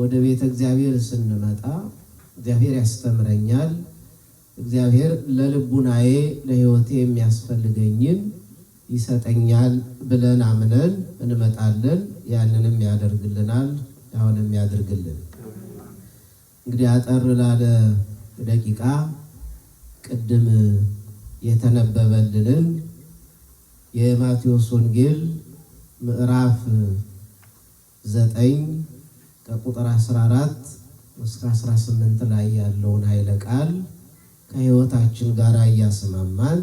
ወደ ቤተ እግዚአብሔር ስንመጣ እግዚአብሔር ያስተምረኛል። እግዚአብሔር ለልቡናዬ ለሕይወቴ የሚያስፈልገኝን ይሰጠኛል ብለን አምነን እንመጣለን። ያንንም ያደርግልናል፣ አሁንም ያደርግልን። እንግዲህ አጠር ላለ ደቂቃ ቅድም የተነበበልንን የማቴዎስ ወንጌል ምዕራፍ ዘጠኝ ከቁጥር 14 እስከ 18 ላይ ያለውን ኃይለ ቃል ከህይወታችን ጋር እያስማማን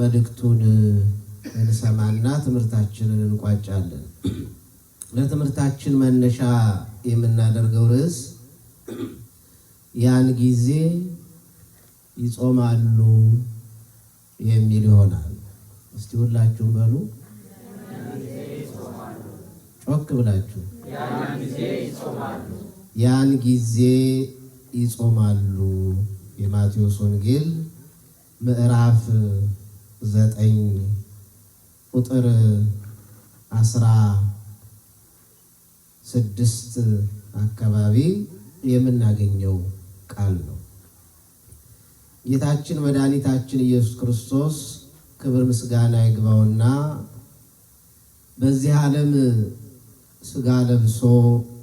መልእክቱን እንሰማና ትምህርታችንን እንቋጫለን። ለትምህርታችን መነሻ የምናደርገው ርዕስ ያን ጊዜ ይጾማሉ የሚል ይሆናል። እስቲ ሁላችሁም በሉ ጮክ ብላችሁ ያን ጊዜ ይጾማሉ። የማቴዎስ ወንጌል ምዕራፍ ዘጠኝ ቁጥር አስራ ስድስት አካባቢ የምናገኘው ቃል ነው። ጌታችን መድኃኒታችን ኢየሱስ ክርስቶስ ክብር ምስጋና ይግባውና በዚህ ዓለም ስጋ ለብሶ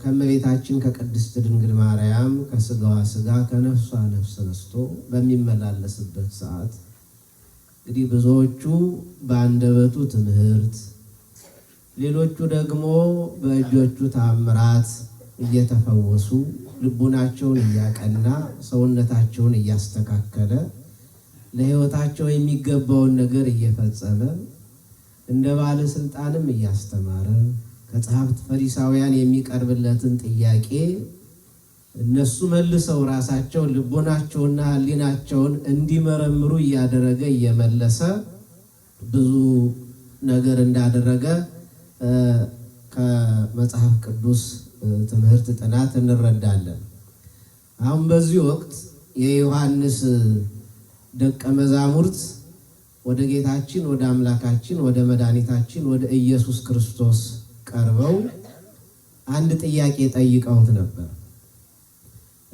ከእመቤታችን ከቅድስት ድንግል ማርያም ከስጋዋ ስጋ ከነፍሷ ነፍስ ነስቶ በሚመላለስበት ሰዓት እንግዲህ ብዙዎቹ በአንደበቱ ትምህርት፣ ሌሎቹ ደግሞ በእጆቹ ታምራት እየተፈወሱ ልቡናቸውን እያቀና ሰውነታቸውን እያስተካከለ ለሕይወታቸው የሚገባውን ነገር እየፈጸመ እንደ ባለስልጣንም እያስተማረ ከጸሐፍት ፈሪሳውያን የሚቀርብለትን ጥያቄ እነሱ መልሰው ራሳቸው ልቦናቸውና ሕሊናቸውን እንዲመረምሩ እያደረገ እየመለሰ ብዙ ነገር እንዳደረገ ከመጽሐፍ ቅዱስ ትምህርት ጥናት እንረዳለን። አሁን በዚህ ወቅት የዮሐንስ ደቀ መዛሙርት ወደ ጌታችን ወደ አምላካችን ወደ መድኃኒታችን ወደ ኢየሱስ ክርስቶስ ቀርበው አንድ ጥያቄ ጠይቀውት ነበር።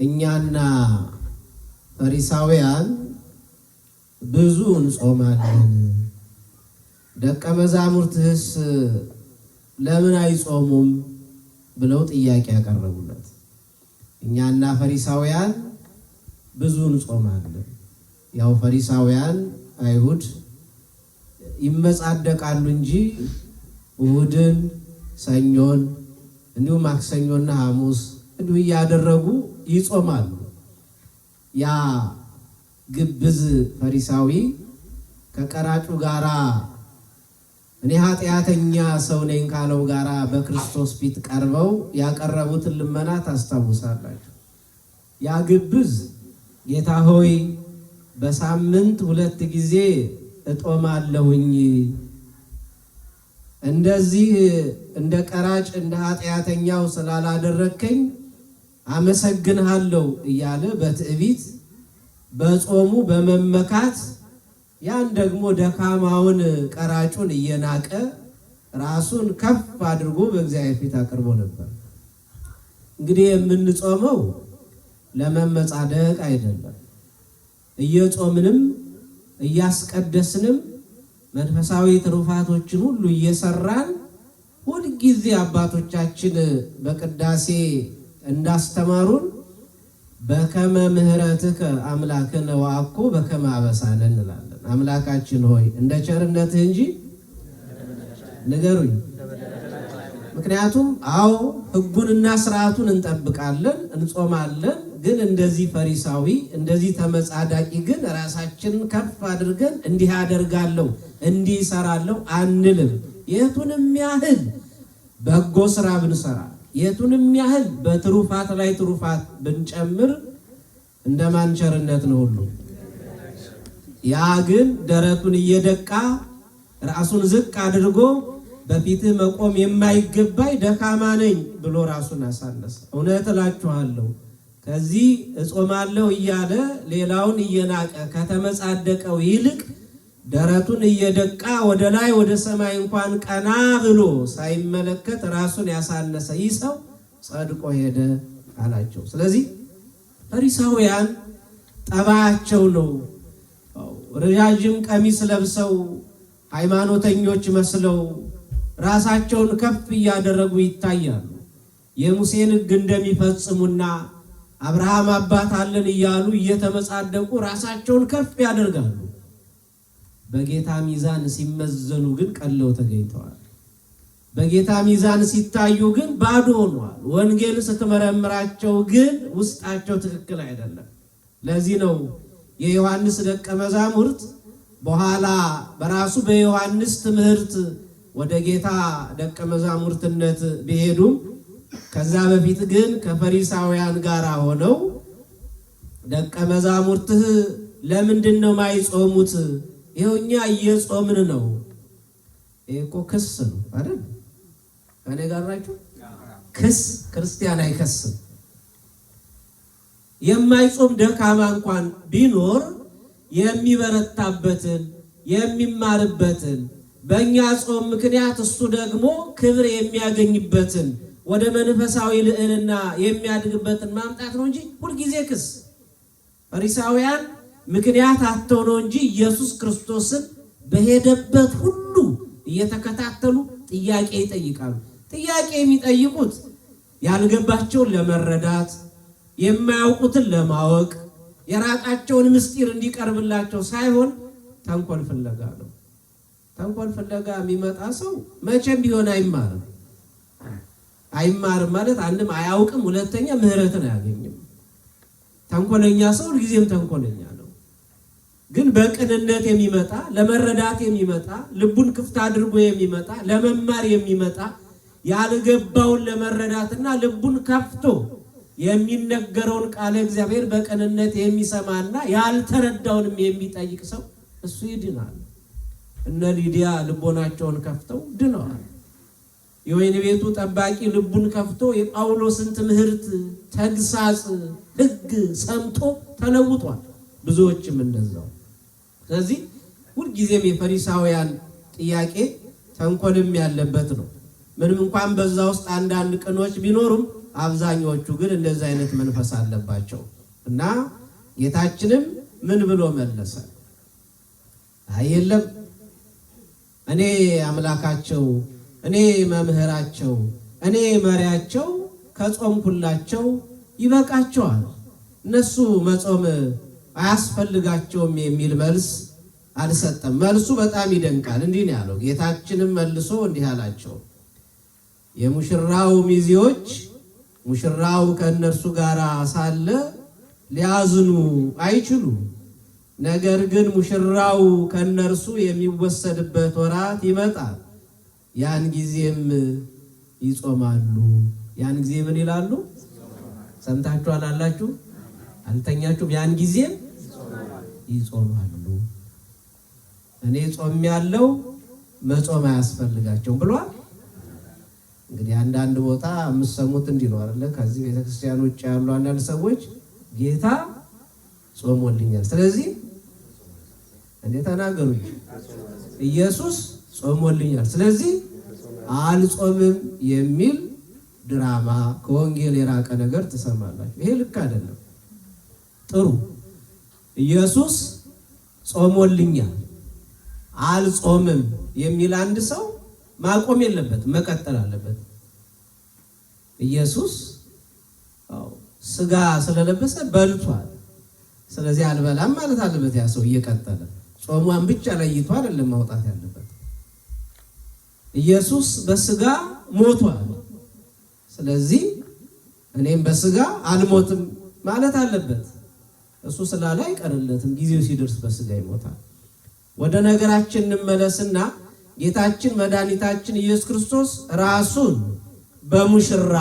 እኛና ፈሪሳውያን ብዙ እንጾማለን፣ ደቀ መዛሙርትህስ ለምን አይጾሙም ብለው ጥያቄ ያቀረቡለት። እኛና ፈሪሳውያን ብዙ እንጾማለን። ያው ፈሪሳውያን አይሁድ ይመጻደቃሉ እንጂ እሁድን ሰኞን እንዲሁም ማክሰኞና ሐሙስ እንዲሁ እያደረጉ ይጾማሉ። ያ ግብዝ ፈሪሳዊ ከቀራጩ ጋራ እኔ ኃጢአተኛ ሰው ነኝ ካለው ጋራ በክርስቶስ ፊት ቀርበው ያቀረቡትን ልመና ታስታውሳላችሁ። ያ ግብዝ ጌታ ሆይ በሳምንት ሁለት ጊዜ እጦማለሁኝ እንደዚህ እንደ ቀራጭ እንደ ኃጢአተኛው ስላላደረግከኝ አመሰግንሃለሁ እያለ በትዕቢት በጾሙ በመመካት ያን ደግሞ ደካማውን ቀራጩን እየናቀ ራሱን ከፍ አድርጎ በእግዚአብሔር ፊት አቅርቦ ነበር። እንግዲህ የምንጾመው ለመመጻደቅ አይደለም። እየጾምንም እያስቀደስንም መንፈሳዊ ትሩፋቶችን ሁሉ እየሰራን ሁልጊዜ አባቶቻችን በቅዳሴ እንዳስተማሩን በከመ ምሕረትከ አምላክን ዋኩ በከመ አበሳለ እንላለን። አምላካችን ሆይ እንደ ቸርነትህ እንጂ ንገሩኝ። ምክንያቱም አዎ ህጉንና ስርዓቱን እንጠብቃለን፣ እንጾማለን ግን እንደዚህ ፈሪሳዊ እንደዚህ ተመጻዳቂ ግን ራሳችንን ከፍ አድርገን እንዲህ አደርጋለሁ እንዲህ ይሰራለሁ አንልም። የቱንም ያህል በጎ ስራ ብንሰራ፣ የቱንም ያህል በትሩፋት ላይ ትሩፋት ብንጨምር እንደ ማንቸርነት ነው ሁሉ። ያ ግን ደረቱን እየደቃ ራሱን ዝቅ አድርጎ በፊትህ መቆም የማይገባኝ ደካማ ነኝ ብሎ ራሱን አሳነሰ። እውነት እላችኋለሁ ከዚህ እጾማለሁ እያለ ሌላውን እየናቀ ከተመጻደቀው ይልቅ ደረቱን እየደቃ ወደ ላይ ወደ ሰማይ እንኳን ቀና ብሎ ሳይመለከት ራሱን ያሳነሰ ይህ ሰው ጸድቆ ሄደ አላቸው። ስለዚህ ፈሪሳውያን ጠባያቸው ነው። ረዣዥም ቀሚስ ለብሰው ሃይማኖተኞች መስለው ራሳቸውን ከፍ እያደረጉ ይታያሉ። የሙሴን ሕግ እንደሚፈጽሙና አብርሃም አባት አለን እያሉ እየተመጻደቁ ራሳቸውን ከፍ ያደርጋሉ። በጌታ ሚዛን ሲመዘኑ ግን ቀለው ተገኝተዋል። በጌታ ሚዛን ሲታዩ ግን ባዶ ሆኗል። ወንጌል ስትመረምራቸው ግን ውስጣቸው ትክክል አይደለም። ለዚህ ነው የዮሐንስ ደቀ መዛሙርት በኋላ በራሱ በዮሐንስ ትምህርት ወደ ጌታ ደቀ መዛሙርትነት ቢሄዱም ከዛ በፊት ግን ከፈሪሳውያን ጋር ሆነው ደቀ መዛሙርትህ ለምንድን ነው ማይጾሙት? ይኸው እኛ እየጾምን ነው። ይሄ እኮ ክስ ነው አይደል? ከኔ ጋር ናችሁ? ክስ ክርስቲያን አይከስም። የማይጾም ደካማ እንኳን ቢኖር የሚበረታበትን የሚማርበትን በእኛ ጾም ምክንያት እሱ ደግሞ ክብር የሚያገኝበትን ወደ መንፈሳዊ ልዕልና የሚያድግበትን ማምጣት ነው እንጂ ሁልጊዜ ክስ ፈሪሳውያን ምክንያት አተው ነው እንጂ ኢየሱስ ክርስቶስን በሄደበት ሁሉ እየተከታተሉ ጥያቄ ይጠይቃሉ። ጥያቄ የሚጠይቁት ያልገባቸውን ለመረዳት የማያውቁትን ለማወቅ የራቃቸውን ምስጢር እንዲቀርብላቸው ሳይሆን ተንኮል ፍለጋ ነው። ተንኮል ፍለጋ የሚመጣ ሰው መቼም ቢሆን አይማርም። አይማርም ማለት አንድም አያውቅም፣ ሁለተኛ ምህረትን አያገኝም። ተንኮለኛ ሰው ሁልጊዜም ተንኮለኛ ነው። ግን በቅንነት የሚመጣ ለመረዳት የሚመጣ ልቡን ክፍት አድርጎ የሚመጣ ለመማር የሚመጣ ያልገባውን ለመረዳትና ልቡን ከፍቶ የሚነገረውን ቃለ እግዚአብሔር በቅንነት የሚሰማና ያልተረዳውንም የሚጠይቅ ሰው እሱ ይድናል። እነ ሊዲያ ልቦናቸውን ከፍተው ድነዋል። የወይን ቤቱ ጠባቂ ልቡን ከፍቶ የጳውሎስን ትምህርት፣ ተግሳጽ፣ ሕግ ሰምቶ ተለውጧል። ብዙዎችም እንደዛው። ስለዚህ ሁልጊዜም የፈሪሳውያን ጥያቄ ተንኮልም ያለበት ነው። ምንም እንኳን በዛ ውስጥ አንዳንድ ቅኖች ቢኖሩም አብዛኛዎቹ ግን እንደዚህ አይነት መንፈስ አለባቸው እና ጌታችንም ምን ብሎ መለሰ? አይ የለም እኔ አምላካቸው እኔ መምህራቸው፣ እኔ መሪያቸው ከጾምኩላቸው ይበቃቸዋል፣ እነሱ መጾም አያስፈልጋቸውም የሚል መልስ አልሰጠም። መልሱ በጣም ይደንቃል። እንዲህ ነው ያለው። ጌታችንም መልሶ እንዲህ አላቸው፣ የሙሽራው ሚዜዎች ሙሽራው ከእነርሱ ጋር ሳለ ሊያዝኑ አይችሉ፣ ነገር ግን ሙሽራው ከእነርሱ የሚወሰድበት ወራት ይመጣል ያን ጊዜም ይጾማሉ። ያን ጊዜ ምን ይላሉ? ሰምታችሁ አላላችሁ? አልተኛችሁም? ያን ጊዜም ይጾማሉ። እኔ ጾም ያለው መጾም አያስፈልጋቸውም ብሏል። እንግዲህ አንዳንድ ቦታ የምትሰሙት እንዲህ ነው አለ። ከዚህ ቤተክርስቲያን ውጭ ያሉ አንዳንድ ሰዎች ጌታ ጾሞልኛል፣ ስለዚህ እንዴ ተናገሩ ኢየሱስ ጾሞልኛል፣ ስለዚህ አልጾምም የሚል ድራማ ከወንጌል የራቀ ነገር ትሰማላችሁ። ይሄ ልክ አይደለም። ጥሩ ኢየሱስ ጾሞልኛል አልጾምም የሚል አንድ ሰው ማቆም የለበትም፣ መቀጠል አለበት። ኢየሱስ ስጋ ስለለበሰ በልቷል። ስለዚህ አልበላም ማለት አለበት። ያ ሰው እየቀጠለ ጾሟን ብቻ ለይቶ አይደለም ማውጣት ያለበት። ኢየሱስ በስጋ ሞቷል። ስለዚህ እኔም በስጋ አልሞትም ማለት አለበት። እሱ ስላለ አይቀርለትም፣ ጊዜው ሲደርስ በስጋ ይሞታል። ወደ ነገራችን እንመለስና ጌታችን መድኃኒታችን ኢየሱስ ክርስቶስ ራሱን በሙሽራ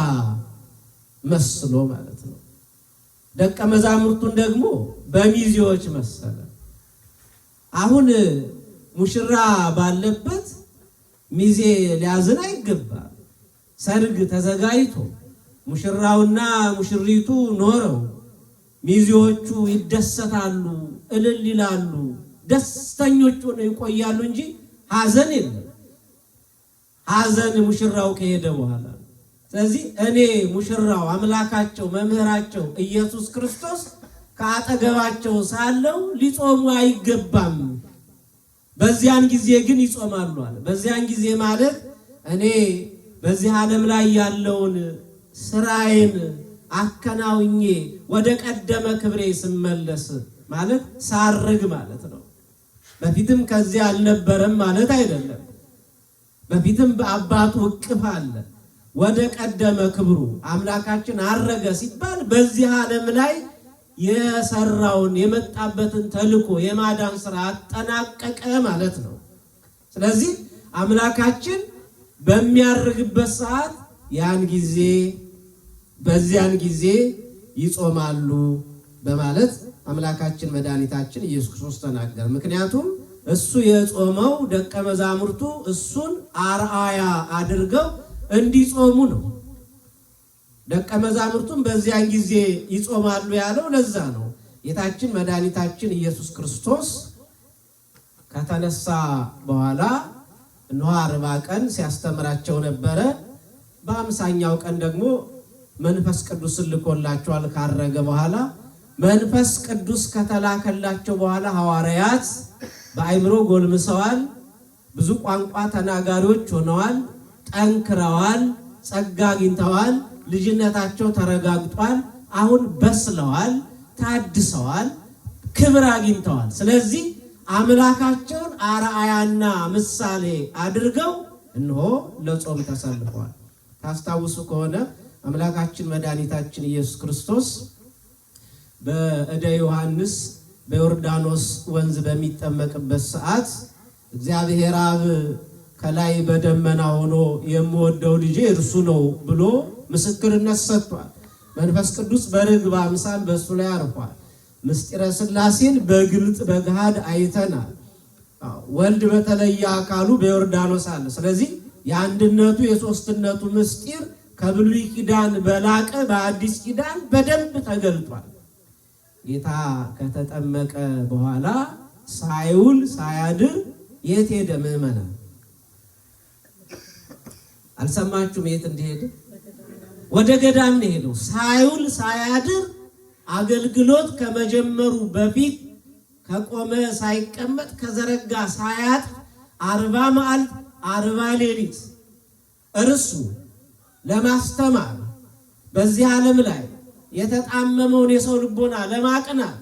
መስሎ ማለት ነው። ደቀ መዛሙርቱን ደግሞ በሚዜዎች መሰለ። አሁን ሙሽራ ባለበት ሚዜ ሊያዝን አይገባም። ሰርግ ተዘጋጅቶ ሙሽራውና ሙሽሪቱ ኖረው ሚዜዎቹ ይደሰታሉ፣ እልል ይላሉ፣ ደስተኞች ሆነው ይቆያሉ እንጂ ሐዘን የለም። ሐዘን ሙሽራው ከሄደ በኋላ ስለዚህ እኔ ሙሽራው አምላካቸው መምህራቸው ኢየሱስ ክርስቶስ ከአጠገባቸው ሳለው ሊጾሙ አይገባም። በዚያን ጊዜ ግን ይጾማሉ አለ። በዚያን ጊዜ ማለት እኔ በዚህ ዓለም ላይ ያለውን ስራዬን አከናውኜ ወደ ቀደመ ክብሬ ስመለስ ማለት ሳርግ ማለት ነው። በፊትም ከዚህ አልነበረም ማለት አይደለም። በፊትም በአባቱ እቅፍ አለ። ወደ ቀደመ ክብሩ አምላካችን አረገ ሲባል በዚህ ዓለም ላይ የሰራውን የመጣበትን ተልኮ የማዳን ስራ አጠናቀቀ ማለት ነው። ስለዚህ አምላካችን በሚያርግበት ሰዓት ያን ጊዜ በዚያን ጊዜ ይጾማሉ በማለት አምላካችን መድኃኒታችን ኢየሱስ ክርስቶስ ተናገረ። ምክንያቱም እሱ የጾመው ደቀ መዛሙርቱ እሱን አርአያ አድርገው እንዲጾሙ ነው። ደቀ መዛሙርቱም በዚያን ጊዜ ይጾማሉ ያለው ለዛ ነው። ጌታችን መድኃኒታችን ኢየሱስ ክርስቶስ ከተነሳ በኋላ እነሆ አርባ ቀን ሲያስተምራቸው ነበረ። በአምሳኛው ቀን ደግሞ መንፈስ ቅዱስ ልኮላቸዋል። ካረገ በኋላ መንፈስ ቅዱስ ከተላከላቸው በኋላ ሐዋርያት በአይምሮ ጎልምሰዋል፣ ብዙ ቋንቋ ተናጋሪዎች ሆነዋል፣ ጠንክረዋል፣ ጸጋ አግኝተዋል። ልጅነታቸው ተረጋግጧል። አሁን በስለዋል፣ ታድሰዋል፣ ክብር አግኝተዋል። ስለዚህ አምላካቸውን አርአያና ምሳሌ አድርገው እንሆ ለጾም ተሰልፈዋል። ታስታውሱ ከሆነ አምላካችን መድኃኒታችን ኢየሱስ ክርስቶስ በእደ ዮሐንስ በዮርዳኖስ ወንዝ በሚጠመቅበት ሰዓት እግዚአብሔር አብ ከላይ በደመና ሆኖ የምወደው ልጄ እርሱ ነው ብሎ ምስክርነት ሰጥቷል። መንፈስ ቅዱስ በርግብ አምሳል በእሱ ላይ አርፏል። ምስጢረ ስላሴን በግልጥ በገሃድ አይተናል። ወልድ በተለየ አካሉ በዮርዳኖስ አለ። ስለዚህ የአንድነቱ የሶስትነቱ ምስጢር ከብሉይ ኪዳን በላቀ በአዲስ ኪዳን በደንብ ተገልጧል። ጌታ ከተጠመቀ በኋላ ሳይውል ሳያድር የት ሄደ ምዕመናን? አልሰማችሁም? የት እንደሄደ ወደ ገዳም ነው ሳይውል ሳያድር አገልግሎት ከመጀመሩ በፊት ከቆመ ሳይቀመጥ ከዘረጋ ሳያጥ አርባ መዓልት አርባ ሌሊት እርሱ ለማስተማር በዚህ ዓለም ላይ የተጣመመውን የሰው ልቦና ለማቅናት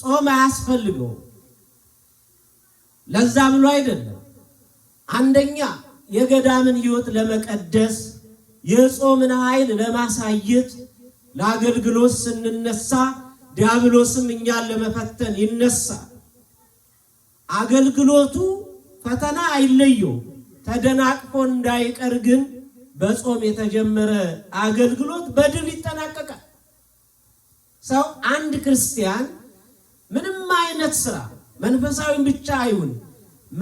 ጾም አያስፈልገውም። ለዛ ብሎ አይደለም አንደኛ የገዳምን ሕይወት ለመቀደስ የጾምን ኃይል ለማሳየት ለአገልግሎት ስንነሳ ዲያብሎስም እኛን ለመፈተን ይነሳል። አገልግሎቱ ፈተና አይለየው ተደናቅፎ እንዳይቀር ግን በጾም የተጀመረ አገልግሎት በድል ይጠናቀቃል። ሰው አንድ ክርስቲያን ምንም አይነት ስራ መንፈሳዊም ብቻ አይሁን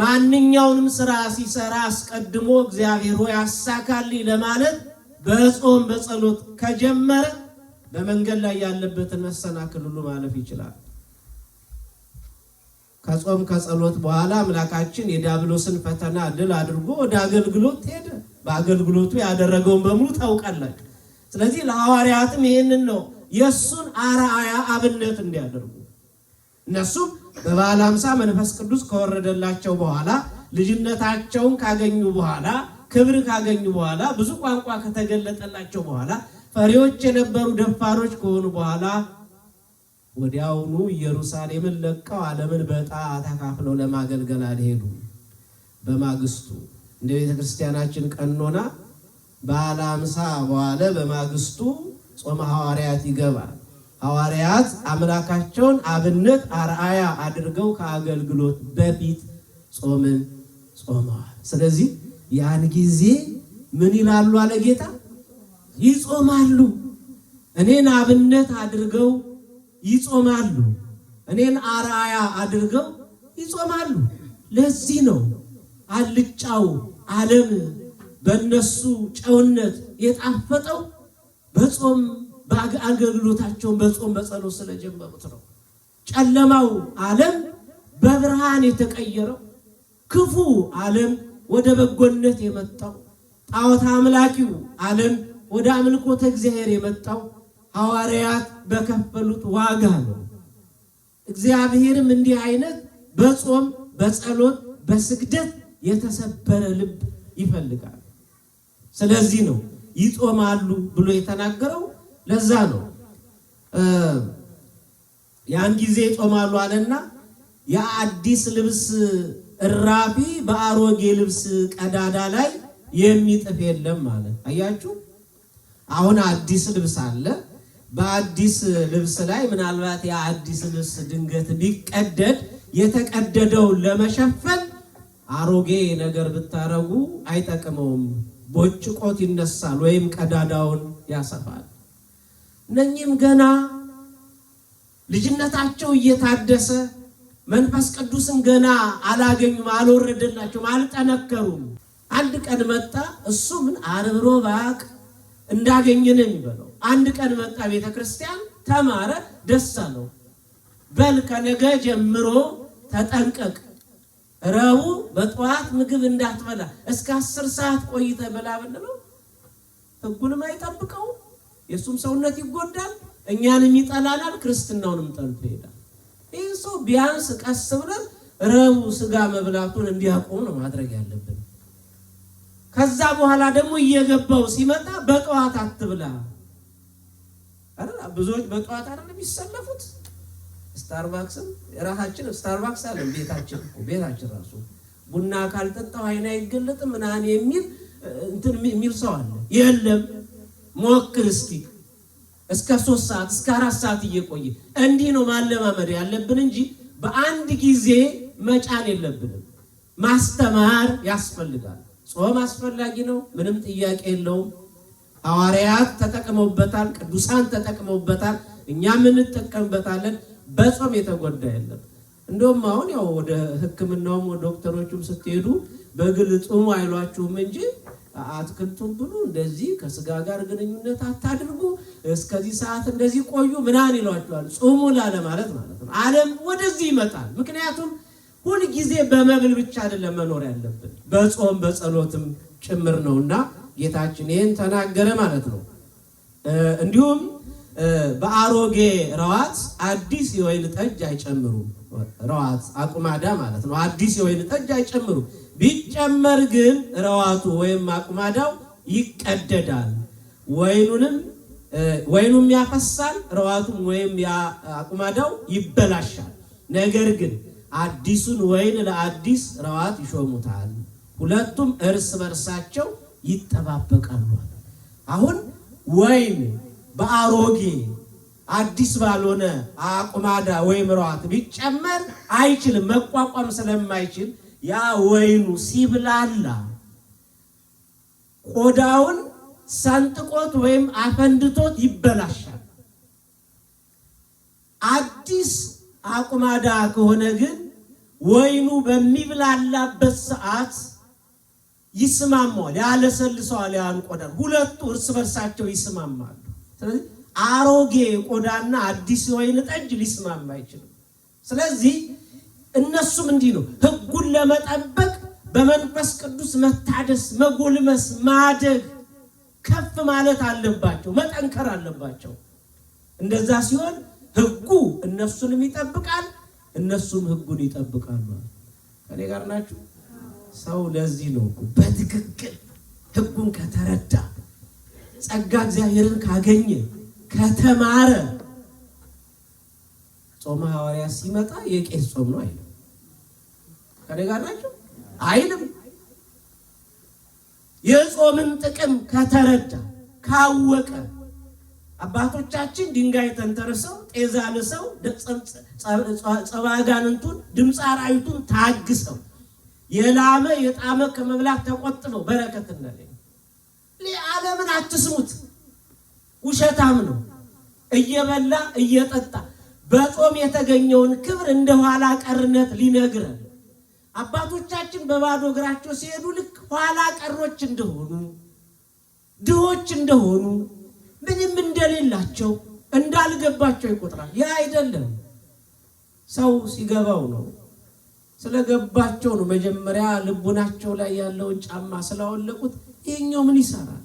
ማንኛውንም ስራ ሲሰራ አስቀድሞ እግዚአብሔር ሆይ አሳካልኝ ለማለት በጾም በጸሎት ከጀመረ በመንገድ ላይ ያለበትን መሰናክል ሁሉ ማለፍ ይችላል። ከጾም ከጸሎት በኋላ አምላካችን የዲያብሎስን ፈተና ድል አድርጎ ወደ አገልግሎት ሄደ። በአገልግሎቱ ያደረገውን በሙሉ ታውቃላችሁ። ስለዚህ ለሐዋርያትም ይህንን ነው የእሱን አርአያ አብነት እንዲያደርጉ እነሱም በበዓለ ሃምሳ መንፈስ ቅዱስ ከወረደላቸው በኋላ ልጅነታቸውን ካገኙ በኋላ ክብር ካገኙ በኋላ ብዙ ቋንቋ ከተገለጠላቸው በኋላ ፈሪዎች የነበሩ ደፋሮች ከሆኑ በኋላ ወዲያውኑ ኢየሩሳሌምን ለቀው ዓለምን በዕጣ ተካፍለው ለማገልገል አልሄዱ። በማግስቱ እንደ ቤተ ክርስቲያናችን ቀኖና በዓለ ሃምሳ በኋላ በማግስቱ ጾመ ሐዋርያት ይገባል። ሐዋርያት አምላካቸውን አብነት አርአያ አድርገው ከአገልግሎት በፊት ጾምን ጾመዋል። ስለዚህ ያን ጊዜ ምን ይላሉ አለ ጌታ? ይጾማሉ። እኔን አብነት አድርገው ይጾማሉ። እኔን አርአያ አድርገው ይጾማሉ። ለዚህ ነው አልጫው ዓለም በእነሱ ጨውነት የጣፈጠው በጾም አገልግሎታቸውን በጾም በጸሎት ስለጀመሩት ነው። ጨለማው ዓለም በብርሃን የተቀየረው፣ ክፉ ዓለም ወደ በጎነት የመጣው፣ ጣዖት አምላኪው ዓለም ወደ አምልኮተ እግዚአብሔር የመጣው ሐዋርያት በከፈሉት ዋጋ ነው። እግዚአብሔርም እንዲህ አይነት በጾም በጸሎት በስግደት የተሰበረ ልብ ይፈልጋል። ስለዚህ ነው ይጾማሉ ብሎ የተናገረው ለዛ ነው ያን ጊዜ ጾማሉ አለና የአዲስ ልብስ እራፊ በአሮጌ ልብስ ቀዳዳ ላይ የሚጥፍ የለም ማለት አያችሁ። አሁን አዲስ ልብስ አለ። በአዲስ ልብስ ላይ ምናልባት የአዲስ ልብስ ድንገት ቢቀደድ የተቀደደውን ለመሸፈን አሮጌ ነገር ብታረጉ አይጠቅመውም። ቦጭቆት ይነሳል ወይም ቀዳዳውን ያሰፋል። እነኚህም ገና ልጅነታቸው እየታደሰ መንፈስ ቅዱስን ገና አላገኙም፣ አልወረደላቸውም፣ አልጠነከሩም። አንድ ቀን መጣ። እሱ ምን አርብሮ ባቅ እንዳገኘን የሚበለው አንድ ቀን መጣ። ቤተ ክርስቲያን ተማረ፣ ደስ አለው። በል ከነገ ጀምሮ ተጠንቀቅ፣ ረቡ በጠዋት ምግብ እንዳትበላ እስከ አስር ሰዓት ቆይተ በላ ብንለው ህጉንም አይጠብቀውም የእሱም ሰውነት ይጎዳል፣ እኛንም ይጠላናል፣ ክርስትናውንም ጠልቶ ይሄዳል። ይህ ሰው ቢያንስ ቀስ ብለን ረቡ ስጋ መብላቱን እንዲያቆም ነው ማድረግ ያለብን። ከዛ በኋላ ደግሞ እየገባው ሲመጣ በጠዋት አትብላ። ብዙዎች በጠዋት አይደለም የሚሰለፉት። ስታርባክስም የራሳችን ስታርባክስ አለ ቤታችን ቤታችን ራሱ ቡና ካልጠጣሁ አይን አይገለጥም ምናምን የሚል እንትን የሚል ሰው አለ የለም ሞክር እስቲ እስከ ሶስት ሰዓት እስከ አራት ሰዓት እየቆየ እንዲህ ነው ማለማመድ ያለብን እንጂ በአንድ ጊዜ መጫን የለብንም። ማስተማር ያስፈልጋል። ጾም አስፈላጊ ነው፣ ምንም ጥያቄ የለውም። ሐዋርያት ተጠቅመውበታል፣ ቅዱሳን ተጠቅመውበታል፣ እኛም እንጠቀምበታለን። በጾም የተጎዳ የለም። እንደውም አሁን ያው ወደ ሕክምናውም ዶክተሮቹም ስትሄዱ በግል ጽሙ አይሏችሁም እንጂ አትክልቱን ብሉ፣ እንደዚህ ከስጋ ጋር ግንኙነት አታድርጉ፣ እስከዚህ ሰዓት እንደዚህ ቆዩ ምናምን ይሏቸዋል። ጾሙ ላለ ማለት ማለት ነው። ዓለም ወደዚህ ይመጣል። ምክንያቱም ሁልጊዜ በመብል ብቻ አይደለም መኖር ያለብን በጾም በጸሎትም ጭምር ነውና ጌታችን ይህን ተናገረ ማለት ነው። እንዲሁም በአሮጌ ረዋት አዲስ የወይን ጠጅ አይጨምሩ ረዋት አቁማዳ ማለት ነው። አዲስ የወይን ጠጅ አይጨምሩም። ቢጨመር ግን ረዋቱ ወይም አቁማዳው ይቀደዳል፣ ወይኑንም ወይኑም ያፈሳል፣ ረዋቱም ወይም አቁማዳው ይበላሻል። ነገር ግን አዲሱን ወይን ለአዲስ ረዋት ይሾሙታል። ሁለቱም እርስ በርሳቸው ይጠባበቃሉ። አሁን ወይን በአሮጌ አዲስ ባልሆነ አቁማዳ ወይም ረዋት ቢጨመር አይችልም፣ መቋቋም ስለማይችል ያ ወይኑ ሲብላላ ቆዳውን ሰንጥቆት ወይም አፈንድቶት ይበላሻል። አዲስ አቁማዳ ከሆነ ግን ወይኑ በሚብላላበት ሰዓት ይስማማዋል፣ ያለሰልሰዋል። ያን ቆዳ ሁለቱ እርስ በርሳቸው ይስማማሉ። ስለዚህ አሮጌ ቆዳና አዲስ ወይን ጠጅ ሊስማማ አይችልም። ስለዚህ እነሱም እንዲህ ነው። ህጉን ለመጠበቅ በመንፈስ ቅዱስ መታደስ፣ መጎልመስ፣ ማደግ፣ ከፍ ማለት አለባቸው፣ መጠንከር አለባቸው። እንደዛ ሲሆን ህጉ እነሱንም ይጠብቃል፣ እነሱም ህጉን ይጠብቃሉ። ከኔ ጋር ናችሁ? ሰው ለዚህ ነው በትክክል ህጉን ከተረዳ ጸጋ እግዚአብሔርን ካገኘ ከተማረ ጾመ ሐዋርያ ሲመጣ የቄስ ጾም ነው አይደለም። ከኔ ጋር አይልም። የጾምን ጥቅም ከተረዳ ካወቀ አባቶቻችን ድንጋይ ተንተርሰው ጤዛ ንሰው ጸባጋንንቱን ድምፅ አራዊቱን ታግሰው የላመ የጣመ ከመብላት ተቆጥበው በረከት እናገኝ። ዓለምን አትስሙት፣ ውሸታም ነው። እየበላ እየጠጣ በጾም የተገኘውን ክብር እንደኋላ ቀርነት ሊነግረን አባቶቻችን በባዶ እግራቸው ሲሄዱ ልክ ኋላ ቀሮች እንደሆኑ ድሆች እንደሆኑ ምንም እንደሌላቸው እንዳልገባቸው ይቆጥራል። ያ አይደለም። ሰው ሲገባው ነው። ስለገባቸው ነው። መጀመሪያ ልቡናቸው ላይ ያለውን ጫማ ስላወለቁት ይህኛው ምን ይሰራል?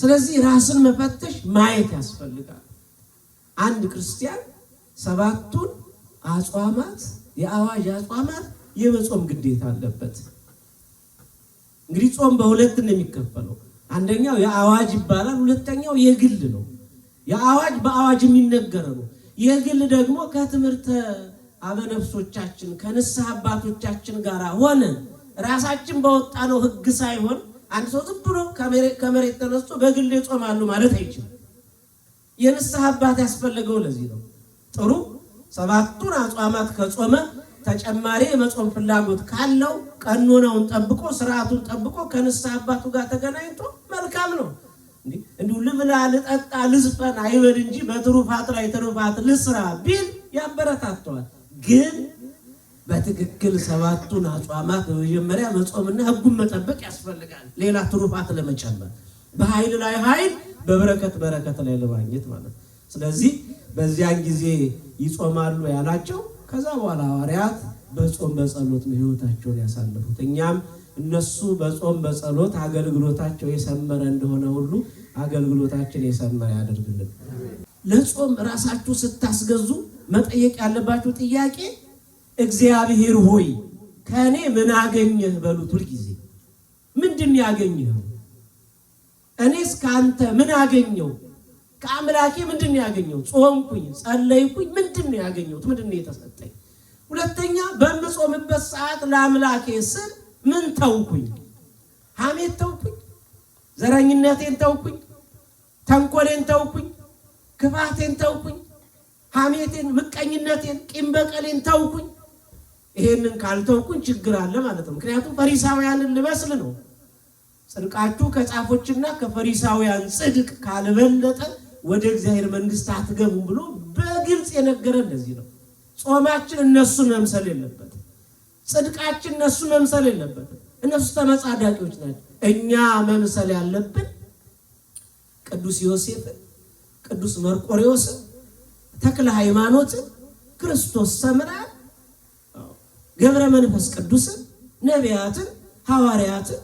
ስለዚህ ራስን መፈተሽ ማየት ያስፈልጋል። አንድ ክርስቲያን ሰባቱን አጽዋማት የአዋጅ አጽዋማት የመጾም ግዴታ አለበት። እንግዲህ ጾም በሁለት ነው የሚከፈለው። አንደኛው የአዋጅ ይባላል፣ ሁለተኛው የግል ነው። የአዋጅ በአዋጅ የሚነገረ ነው። የግል ደግሞ ከትምህርተ አበነፍሶቻችን ከንስሐ አባቶቻችን ጋር ሆነ ራሳችን በወጣነው ሕግ ሳይሆን አንድ ሰው ዝም ብሎ ከመሬት ተነስቶ በግል ይጾማሉ ማለት አይችልም። የንስሐ አባት ያስፈለገው ለዚህ ነው። ጥሩ ሰባቱን አጽዋማት ከጾመ ተጨማሪ የመጾም ፍላጎት ካለው ቀኖናውን ጠብቆ ስርዓቱን ጠብቆ ከንስሐ አባቱ ጋር ተገናኝቶ መልካም ነው። እንዲሁ ልብላ፣ ልጠጣ፣ ልዝፈን አይበል እንጂ በትሩፋት ላይ ትሩፋት ልስራ ቢል ያበረታተዋል። ግን በትክክል ሰባቱን አጽዋማት በመጀመሪያ መጾምና ህጉን መጠበቅ ያስፈልጋል። ሌላ ትሩፋት ለመጨመር በኃይል ላይ ኃይል፣ በበረከት በረከት ላይ ለማግኘት ማለት ስለዚህ በዚያን ጊዜ ይጾማሉ ያላቸው። ከዛ በኋላ ሐዋርያት በጾም በጸሎት ነው ህይወታቸውን ያሳለፉት። እኛም እነሱ በጾም በጸሎት አገልግሎታቸው የሰመረ እንደሆነ ሁሉ አገልግሎታችን የሰመረ ያደርግልን። ለጾም ራሳችሁ ስታስገዙ መጠየቅ ያለባችሁ ጥያቄ እግዚአብሔር ሆይ ከእኔ ምን አገኘህ በሉት። ሁልጊዜ ምንድን ያገኘህ? እኔስ ከአንተ ምን አገኘው? ከአምላኬ ምንድን ነው ያገኘው? ጾምኩኝ፣ ጸለይኩኝ፣ ምንድን ነው ያገኘሁት? ምንድን ነው የተሰጠኝ? ሁለተኛ በምጾምበት ሰዓት ለአምላኬ ስል ምን ተውኩኝ? ሐሜት ተውኩኝ፣ ዘረኝነቴን ተውኩኝ፣ ተንኮሌን ተውኩኝ፣ ክፋቴን ተውኩኝ፣ ሐሜቴን፣ ምቀኝነቴን፣ ቂም በቀሌን ተውኩኝ። ይሄንን ካልተውኩኝ ችግር አለ ማለት ነው። ምክንያቱም ፈሪሳውያንን ልመስል ነው። ጽድቃችሁ ከጻፎችና ከፈሪሳውያን ጽድቅ ካልበለጠ ወደ እግዚአብሔር መንግስት አትገቡም ብሎ በግልጽ የነገረ እንደዚህ ነው። ጾማችን እነሱ መምሰል የለበትም። ጽድቃችን እነሱ መምሰል የለበት እነሱ ተመጻዳቂዎች ናቸው። እኛ መምሰል ያለብን ቅዱስ ዮሴፍን፣ ቅዱስ መርቆሬዎስን፣ ተክለ ሃይማኖትን፣ ክርስቶስ ሰምራን፣ ገብረ መንፈስ ቅዱስን፣ ነቢያትን፣ ሐዋርያትን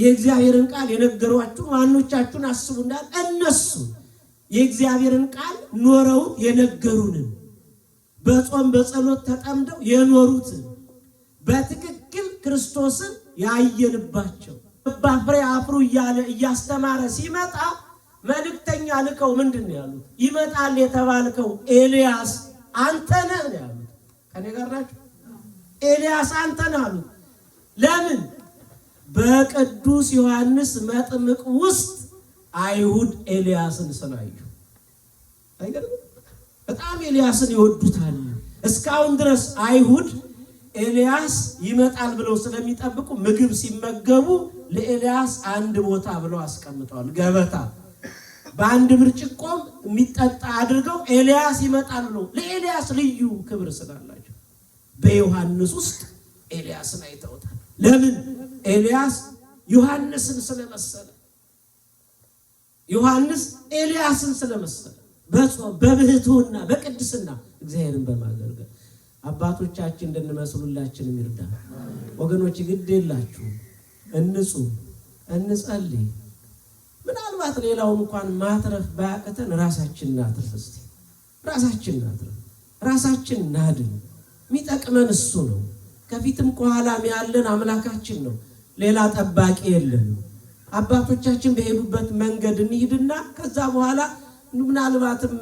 የእግዚአብሔርን ቃል የነገሯችሁ ዋኖቻችሁን አስቡ እንዳል እነሱ የእግዚአብሔርን ቃል ኖረው የነገሩንን በጾም በጸሎት ተጠምደው የኖሩትን በትክክል ክርስቶስን ያየንባቸው ፍሬ አፍሩ እያለ እያስተማረ ሲመጣ መልእክተኛ ልከው ምንድን ነው ያሉት? ይመጣል የተባልከው ኤልያስ አንተ ነህ ያሉት። ከኔ ጋር ናቸው። ኤልያስ አንተ ነህ አሉት። ለምን በቅዱስ ዮሐንስ መጥምቅ ውስጥ አይሁድ ኤልያስን ስላዩ አይገርም። በጣም ኤልያስን ይወዱታል። እስካሁን ድረስ አይሁድ ኤልያስ ይመጣል ብለው ስለሚጠብቁ ምግብ ሲመገቡ ለኤልያስ አንድ ቦታ ብለው አስቀምጠዋል። ገበታ በአንድ ብርጭቆም የሚጠጣ አድርገው ኤልያስ ይመጣል ብለው ለኤልያስ ልዩ ክብር ስላላቸው በዮሐንስ ውስጥ ኤልያስን አይተውታል። ለምን? ኤልያስ ዮሐንስን ስለመሰለ ዮሐንስ ኤልያስን ስለመሰለ በጾም በብህትውና በቅድስና እግዚአብሔርን በማገልገል አባቶቻችን እንድንመስሉላችን ይርዳ። ወገኖች ግድ የላችሁ፣ እንጹም፣ እንጸልይ። ምናልባት ሌላውን እንኳን ማትረፍ ባያቅተን ራሳችን እናትርፍ። እስቲ ራሳችን እናትርፍ፣ ራሳችን እናድን። የሚጠቅመን እሱ ነው። ከፊትም ከኋላም ያለን አምላካችን ነው። ሌላ ጠባቂ የለንም። አባቶቻችን በሄዱበት መንገድ እንሂድና ከዛ በኋላ ምናልባትም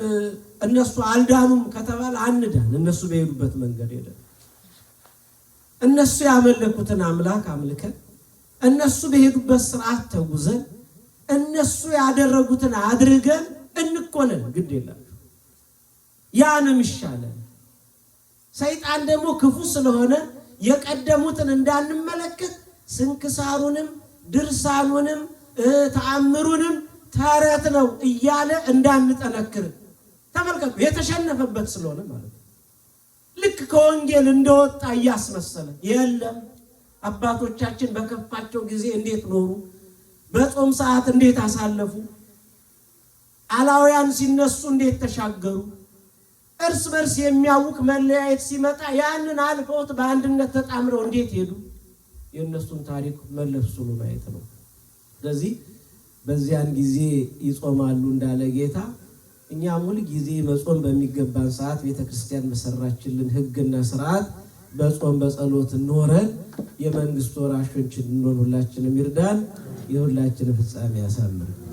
እነሱ አልዳኑም ከተባለ አንዳን። እነሱ በሄዱበት መንገድ ሄደ እነሱ ያመለኩትን አምላክ አምልከን እነሱ በሄዱበት ስርዓት ተጉዘን እነሱ ያደረጉትን አድርገን እንኮነን ግድ የላችሁ ያንም ይሻለን። ሰይጣን ደግሞ ክፉ ስለሆነ የቀደሙትን እንዳንመለከት ስንክሳሩንም ድርሳኑንም ተአምሩንም ተረት ነው እያለ እንዳንጠነክር ተመልከቱ። የተሸነፈበት ስለሆነ ማለት ነው። ልክ ከወንጌል እንደወጣ እያስመሰለ የለም። አባቶቻችን በከፋቸው ጊዜ እንዴት ኖሩ? በጾም ሰዓት እንዴት አሳለፉ? አላውያን ሲነሱ እንዴት ተሻገሩ? እርስ በርስ የሚያውቅ መለያየት ሲመጣ ያንን አልፈውት በአንድነት ተጣምረው እንዴት ሄዱ? የእነሱን ታሪክ መለስ ብሎ ማየት ነው። ስለዚህ በዚያን ጊዜ ይጾማሉ እንዳለ ጌታ እኛም ሁል ጊዜ መጾም በሚገባን ሰዓት ቤተክርስቲያን መሰራችልን ህግና ስርዓት በጾም በጸሎት እንኖረን የመንግስት ወራሾች እንሆን። ሁላችንም ይርዳን። የሁላችንም ፍጻሜ ያሳምር።